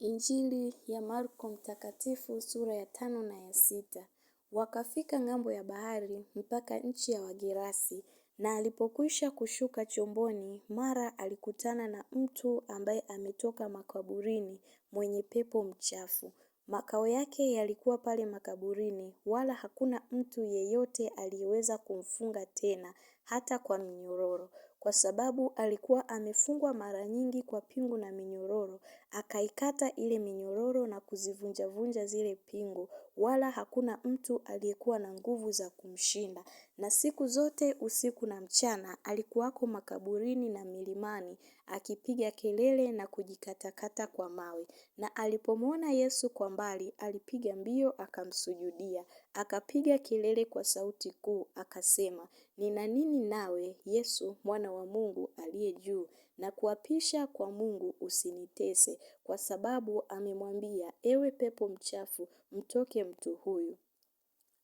Injili ya Marko Mtakatifu sura ya tano na ya sita. Wakafika ng'ambo ya bahari mpaka nchi ya Wagerasi, na alipokwisha kushuka chomboni, mara alikutana na mtu ambaye ametoka makaburini, mwenye pepo mchafu. Makao yake yalikuwa pale makaburini, wala hakuna mtu yeyote aliyeweza kumfunga tena, hata kwa minyororo kwa sababu alikuwa amefungwa mara nyingi kwa pingu na minyororo. Akaikata ile minyororo na kuzivunjavunja zile pingu. Wala hakuna mtu aliyekuwa na nguvu za kumshinda na siku zote usiku na mchana alikuwako makaburini na milimani akipiga kelele na kujikatakata kwa mawe. Na alipomwona Yesu kwa mbali alipiga mbio akamsujudia, akapiga kelele kwa sauti kuu akasema, nina nini nawe Yesu mwana wa Mungu aliye juu? na kuapisha kwa Mungu usinitese, kwa sababu amemwambia, ewe pepo mchafu mtoke mtu huyu.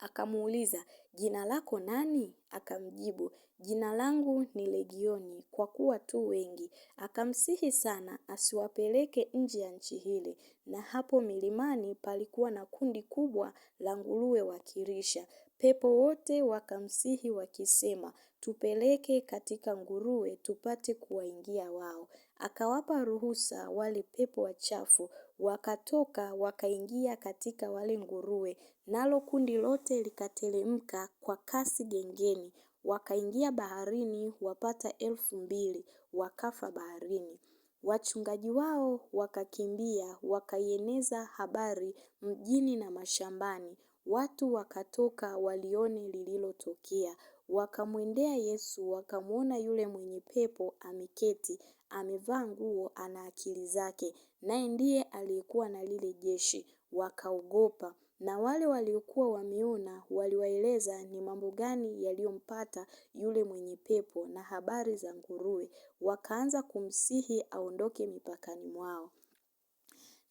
Akamuuliza, jina lako nani? Akamjibu, jina langu ni Legioni, kwa kuwa tu wengi. Akamsihi sana asiwapeleke nje ya nchi hili na hapo milimani palikuwa na kundi kubwa la nguruwe wakirisha Pepo wote wakamsihi wakisema, tupeleke katika nguruwe tupate kuwaingia wao akawapa ruhusa wale pepo wachafu, wakatoka wakaingia katika wale nguruwe, nalo kundi lote likateremka kwa kasi gengeni, wakaingia baharini wapata elfu mbili wakafa baharini. Wachungaji wao wakakimbia, wakaieneza habari mjini na mashambani, watu wakatoka walione lililotokea, wakamwendea Yesu, wakamwona yule mwenye pepo ameketi amevaa nguo ana akili zake. Naye ndiye aliyekuwa na lile jeshi wakaogopa, na wale waliokuwa wameona waliwaeleza ni mambo gani yaliyompata yule mwenye pepo na habari za nguruwe, wakaanza kumsihi aondoke mipakani mwao.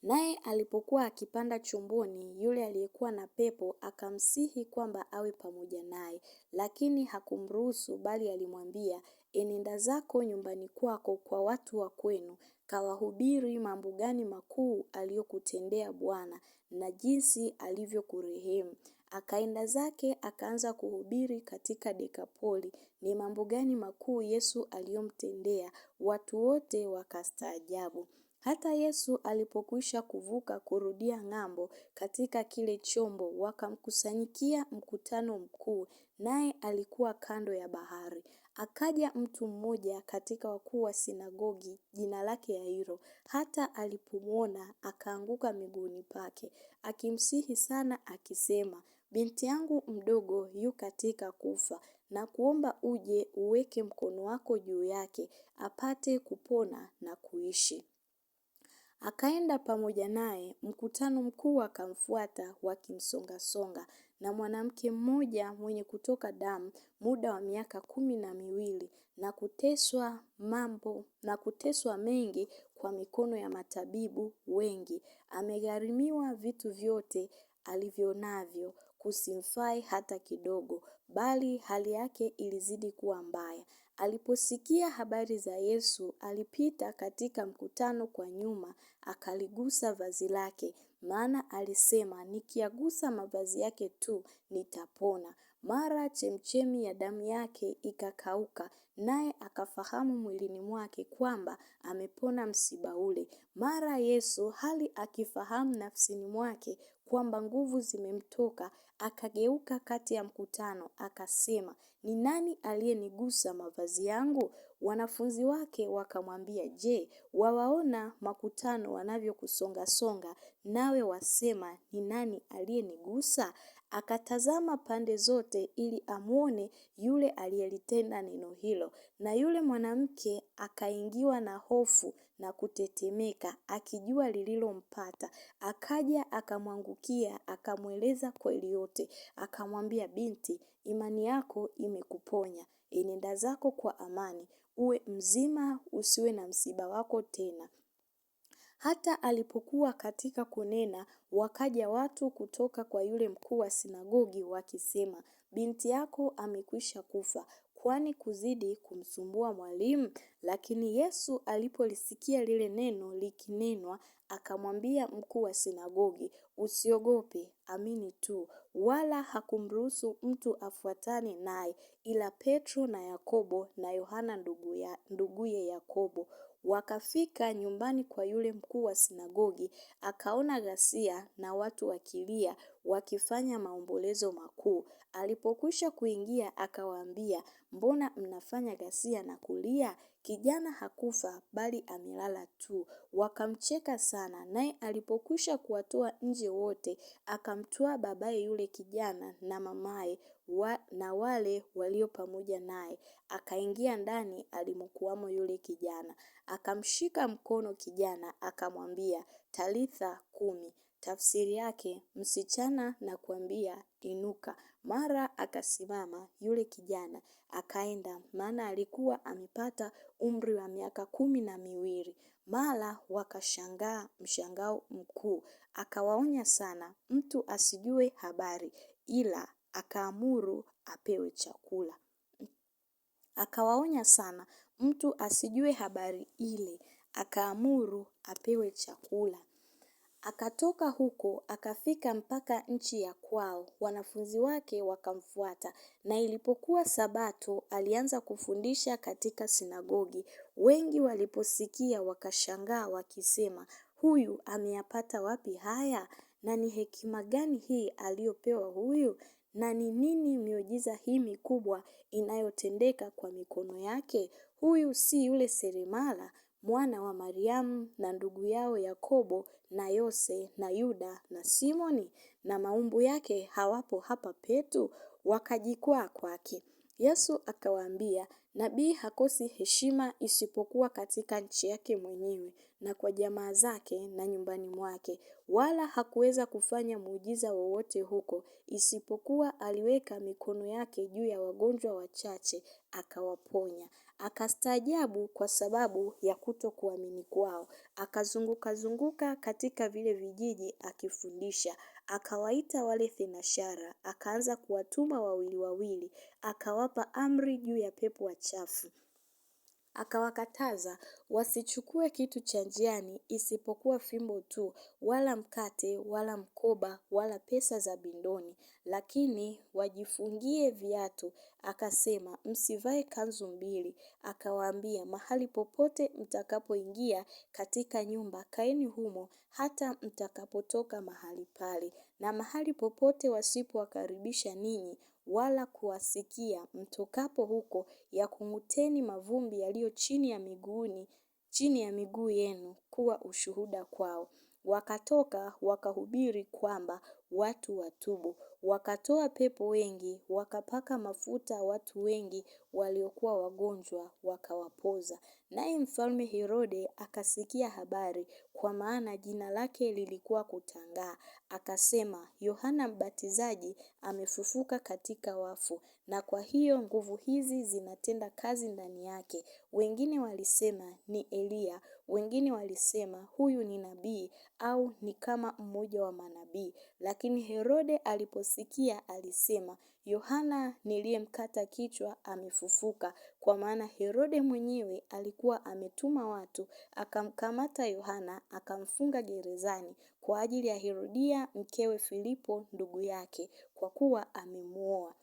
Naye alipokuwa akipanda chomboni, yule aliyekuwa na pepo akamsihi kwamba awe pamoja naye, lakini hakumruhusu bali alimwambia Enenda zako nyumbani kwako kwa watu wa kwenu, kawahubiri mambo gani makuu aliyokutendea Bwana na jinsi alivyokurehemu. Akaenda zake akaanza kuhubiri katika Dekapoli ni mambo gani makuu Yesu aliyomtendea, watu wote wakastaajabu. Hata Yesu alipokwisha kuvuka kurudia ng'ambo katika kile chombo, wakamkusanyikia mkutano mkuu, naye alikuwa kando ya bahari. Akaja mtu mmoja katika wakuu wa sinagogi, jina lake Yairo, hata alipomwona akaanguka miguuni pake, akimsihi sana akisema, binti yangu mdogo yu katika kufa, na kuomba uje uweke mkono wako juu yake, apate kupona na kuishi. Akaenda pamoja naye, mkutano mkuu akamfuata wakimsongasonga, na mwanamke mmoja mwenye kutoka damu muda wa miaka kumi na miwili, na kuteswa mambo na kuteswa mengi kwa mikono ya matabibu wengi, amegharimiwa vitu vyote alivyonavyo kusimfai hata kidogo bali hali yake ilizidi kuwa mbaya. Aliposikia habari za Yesu, alipita katika mkutano kwa nyuma, akaligusa vazi lake, maana alisema, nikiyagusa mavazi yake tu, nitapona. Mara chemchemi ya damu yake ikakauka, naye akafahamu mwilini mwake kwamba amepona msiba ule. Mara Yesu hali akifahamu nafsini mwake kwamba nguvu zimemtoka, akageuka kati ya mkutano, akasema, ni nani aliyenigusa mavazi yangu? Wanafunzi wake wakamwambia, je, wawaona makutano wanavyokusonga songa, nawe wasema ni nani aliyenigusa? akatazama pande zote ili amwone yule aliyelitenda neno hilo. Na yule mwanamke akaingiwa na hofu na kutetemeka, akijua lililompata. Akaja akamwangukia, akamweleza kweli yote, akamwambia, binti, imani yako imekuponya, enenda zako kwa amani, uwe mzima, usiwe na msiba wako tena. Hata alipokuwa katika kunena, wakaja watu kutoka kwa yule mkuu wa sinagogi wakisema, binti yako amekwisha kufa, kwani kuzidi kumsumbua mwalimu? Lakini Yesu alipolisikia lile neno likinenwa, akamwambia mkuu wa sinagogi, usiogope, amini tu. Wala hakumruhusu mtu afuatane naye, ila Petro na Yakobo na Yohana nduguye Yakobo. Wakafika nyumbani kwa yule mkuu wa sinagogi, akaona ghasia na watu wakilia, wakifanya maombolezo makuu. Alipokwisha kuingia akawaambia, mbona mnafanya ghasia na kulia? Kijana hakufa bali amelala tu. Wakamcheka sana, naye alipokwisha kuwatoa nje wote, akamtoa babaye yule kijana na mamaye wa, na wale walio pamoja naye, akaingia ndani alimokuwamo yule kijana. Akamshika mkono kijana, akamwambia, Talitha kumi. Tafsiri yake msichana na kuambia inuka. Mara akasimama yule kijana akaenda maana alikuwa amepata umri wa miaka kumi na miwili. Mara wakashangaa mshangao mkuu. Akawaonya sana mtu asijue habari ila akaamuru apewe chakula. Akawaonya sana mtu asijue habari ile akaamuru apewe chakula. Akatoka huko akafika mpaka nchi ya kwao, wanafunzi wake wakamfuata. Na ilipokuwa Sabato, alianza kufundisha katika sinagogi. Wengi waliposikia wakashangaa, wakisema, huyu ameyapata wapi haya? Na ni hekima gani hii aliyopewa huyu? Na ni nini miujiza hii mikubwa inayotendeka kwa mikono yake? Huyu si yule seremala? mwana wa Mariamu na ndugu yao Yakobo na Yose na Yuda na Simoni na maumbu yake hawapo hapa petu? Wakajikwaa kwake. Yesu akawaambia, nabii hakosi heshima isipokuwa katika nchi yake mwenyewe na kwa jamaa zake na nyumbani mwake. Wala hakuweza kufanya muujiza wowote huko, isipokuwa aliweka mikono yake juu ya wagonjwa wachache akawaponya. Akastaajabu kwa sababu ya kutokuamini kwao. Akazunguka zunguka katika vile vijiji akifundisha. Akawaita wale thenashara, akaanza kuwatuma wawili wawili, akawapa amri juu ya pepo wachafu. Akawakataza wasichukue kitu cha njiani isipokuwa fimbo tu, wala mkate, wala mkoba, wala pesa za bindoni, lakini wajifungie viatu. Akasema, msivae kanzu mbili. Akawaambia, mahali popote mtakapoingia katika nyumba, kaeni humo hata mtakapotoka mahali pale na mahali popote wasipowakaribisha ninyi, wala kuwasikia mtokapo huko, yakung'uteni mavumbi yaliyo chini ya miguuni chini ya miguu yenu kuwa ushuhuda kwao. Wakatoka wakahubiri kwamba watu watubu wakatoa pepo wengi, wakapaka mafuta watu wengi waliokuwa wagonjwa, wakawapoza. Naye mfalme Herode akasikia habari, kwa maana jina lake lilikuwa kutangaa, akasema, Yohana Mbatizaji amefufuka katika wafu, na kwa hiyo nguvu hizi zinatenda kazi ndani yake. Wengine walisema ni Eliya, wengine walisema huyu ni nabii, au ni kama mmoja wa manabii. Lakini Herode alipo sikia alisema, Yohana niliyemkata kichwa amefufuka. Kwa maana Herode mwenyewe alikuwa ametuma watu akamkamata Yohana akamfunga gerezani kwa ajili ya Herodia mkewe Filipo ndugu yake, kwa kuwa amemwoa.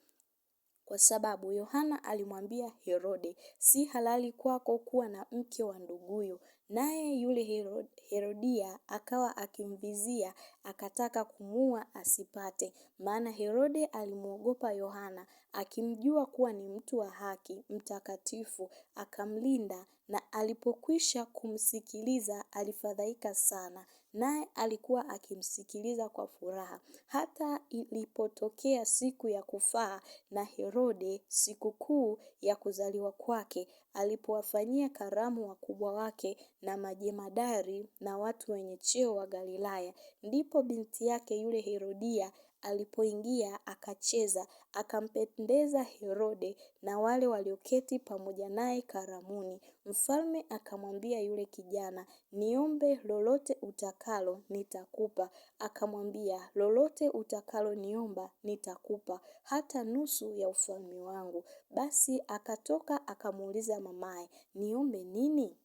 Kwa sababu Yohana alimwambia Herode, si halali kwako kuwa na mke wa nduguyo. Naye yule Herodia akawa akimvizia, akataka kumua asipate, maana Herode alimwogopa Yohana akimjua kuwa ni mtu wa haki, mtakatifu, akamlinda na alipokwisha kumsikiliza alifadhaika sana, naye alikuwa akimsikiliza kwa furaha. Hata ilipotokea siku ya kufaa na Herode, sikukuu ya kuzaliwa kwake, alipowafanyia karamu wakubwa wake na majemadari na watu wenye cheo wa Galilaya, ndipo binti yake yule Herodia alipoingia akacheza, akampendeza Herode na wale walioketi pamoja naye karamuni. Mfalme akamwambia yule kijana, niombe lolote utakalo nitakupa. Akamwambia, lolote utakalo niomba nitakupa, hata nusu ya ufalme wangu. Basi akatoka akamuuliza mamaye, niombe nini?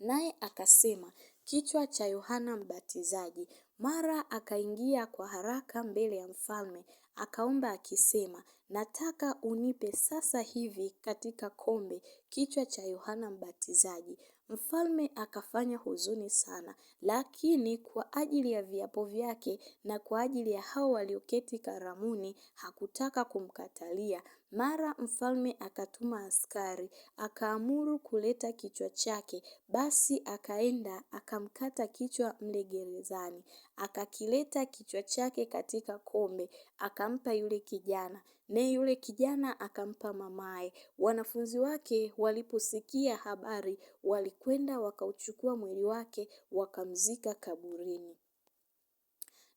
Naye akasema, kichwa cha Yohana Mbatizaji. Mara akaingia kwa haraka mbele ya mfalme, akaomba akisema, nataka unipe sasa hivi katika kombe kichwa cha Yohana Mbatizaji. Mfalme akafanya huzuni sana, lakini kwa ajili ya viapo vyake na kwa ajili ya hao walioketi karamuni hakutaka kumkatalia. Mara mfalme akatuma askari, akaamuru kuleta kichwa chake. Basi akaenda akamkata kichwa mle gerezani, akakileta kichwa chake katika kombe, akampa yule kijana, naye yule kijana akampa mamaye. Wanafunzi wake waliposikia habari, walikwenda wakauchukua mwili wake wakamzika kaburini.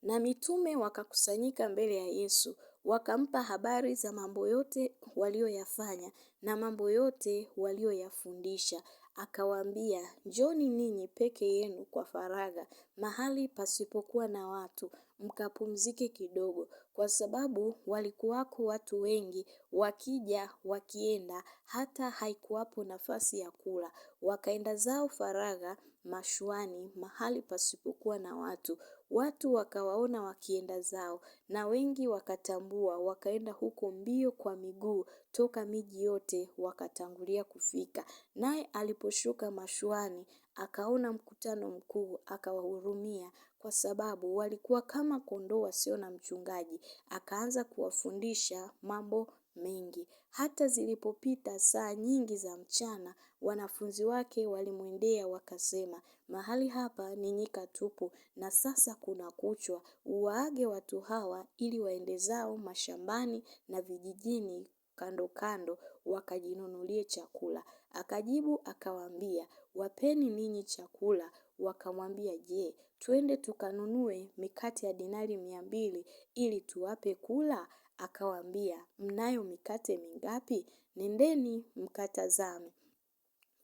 Na mitume wakakusanyika mbele ya Yesu wakampa habari za mambo yote waliyoyafanya na mambo yote waliyoyafundisha. Akawaambia, njoni ninyi peke yenu kwa faragha mahali pasipokuwa na watu, mkapumzike kidogo, kwa sababu walikuwako watu wengi wakija wakienda, hata haikuwapo nafasi ya kula. Wakaenda zao faragha mashuani mahali pasipokuwa na watu watu wakawaona wakienda zao, na wengi wakatambua, wakaenda huko mbio kwa miguu toka miji yote wakatangulia kufika. Naye aliposhuka mashuani, akaona mkutano mkuu, akawahurumia kwa sababu walikuwa kama kondoo wasio na mchungaji. Akaanza kuwafundisha mambo mengi. Hata zilipopita saa nyingi za mchana, wanafunzi wake walimwendea wakasema, mahali hapa ni nyika tupu na sasa kuna kuchwa, uwaage watu hawa ili waende zao mashambani na vijijini kando kando wakajinunulie chakula. Akajibu akawaambia, wapeni ninyi chakula. Wakamwambia, je, twende tukanunue mikate ya dinari mia mbili ili tuwape kula? akawaambia, mnayo mikate mingapi? Nendeni mkatazame.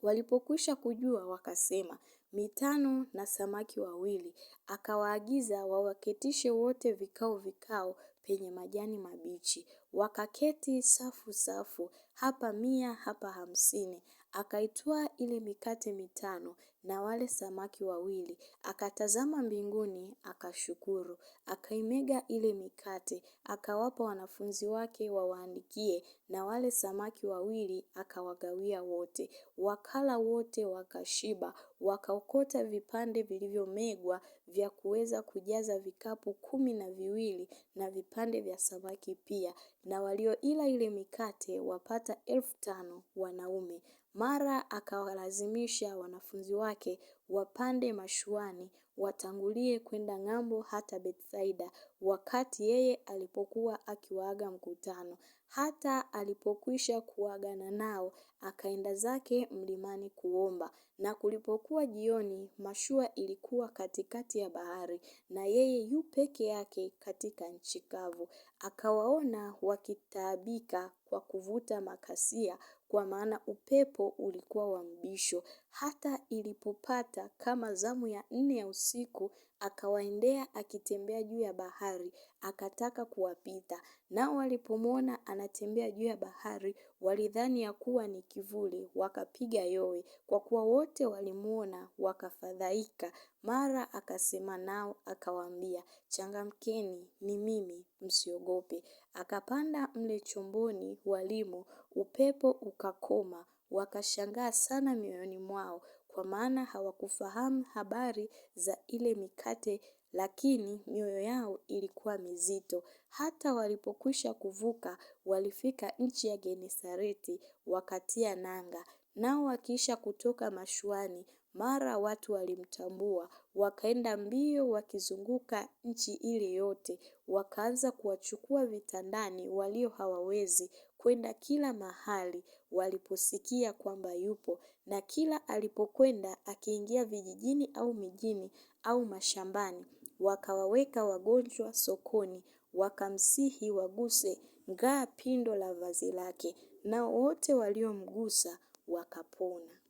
Walipokwisha kujua wakasema, mitano na samaki wawili. Akawaagiza wawaketishe wote vikao vikao penye majani mabichi. Wakaketi safu safu, hapa mia, hapa hamsini. Akaitwaa ile mikate mitano na wale samaki wawili, akatazama mbinguni, akashukuru. Akaimega ile mikate, akawapa wanafunzi wake wawaandikie, na wale samaki wawili akawagawia wote. Wakala wote wakashiba, wakaokota vipande vilivyomegwa vya kuweza kujaza vikapu kumi na viwili na vipande vya samaki pia na walioila ile mikate wapata elfu tano wanaume. Mara akawalazimisha wanafunzi wake wapande mashuani watangulie kwenda ng'ambo hata Bethsaida wakati yeye alipokuwa akiwaaga mkutano. Hata alipokwisha kuagana nao, akaenda zake mlimani kuomba. Na kulipokuwa jioni, mashua ilikuwa katikati ya bahari, na yeye yu peke yake katika nchi kavu. Akawaona wakitaabika kwa kuvuta makasia, kwa maana upepo ulikuwa wa mbisho. Hata ilipopata kama zamu ya nne ya usiku, akawaendea akitembea juu ya bahari, akataka kuwapita. Nao walipomwona anatembea juu ya bahari, walidhani ya kuwa ni kivuli, wakapiga yowe. Kwa kuwa wote walimwona, wakafadhaika. Mara akasema nao, akawaambia, changamkeni, ni mimi, msiogope. Akapanda mle chomboni walimo, upepo ukakoma wakashangaa sana mioyoni mwao, kwa maana hawakufahamu habari za ile mikate, lakini mioyo yao ilikuwa mizito. Hata walipokwisha kuvuka, walifika nchi ya Genesareti, wakatia nanga. Nao wakiisha kutoka mashuani, mara watu walimtambua, wakaenda mbio wakizunguka nchi ile yote, wakaanza kuwachukua vitandani walio hawawezi kwenda kila mahali waliposikia kwamba yupo, na kila alipokwenda akiingia vijijini au mijini au mashambani, wakawaweka wagonjwa sokoni, wakamsihi waguse ngaa pindo la vazi lake, nao wote waliomgusa wakapona.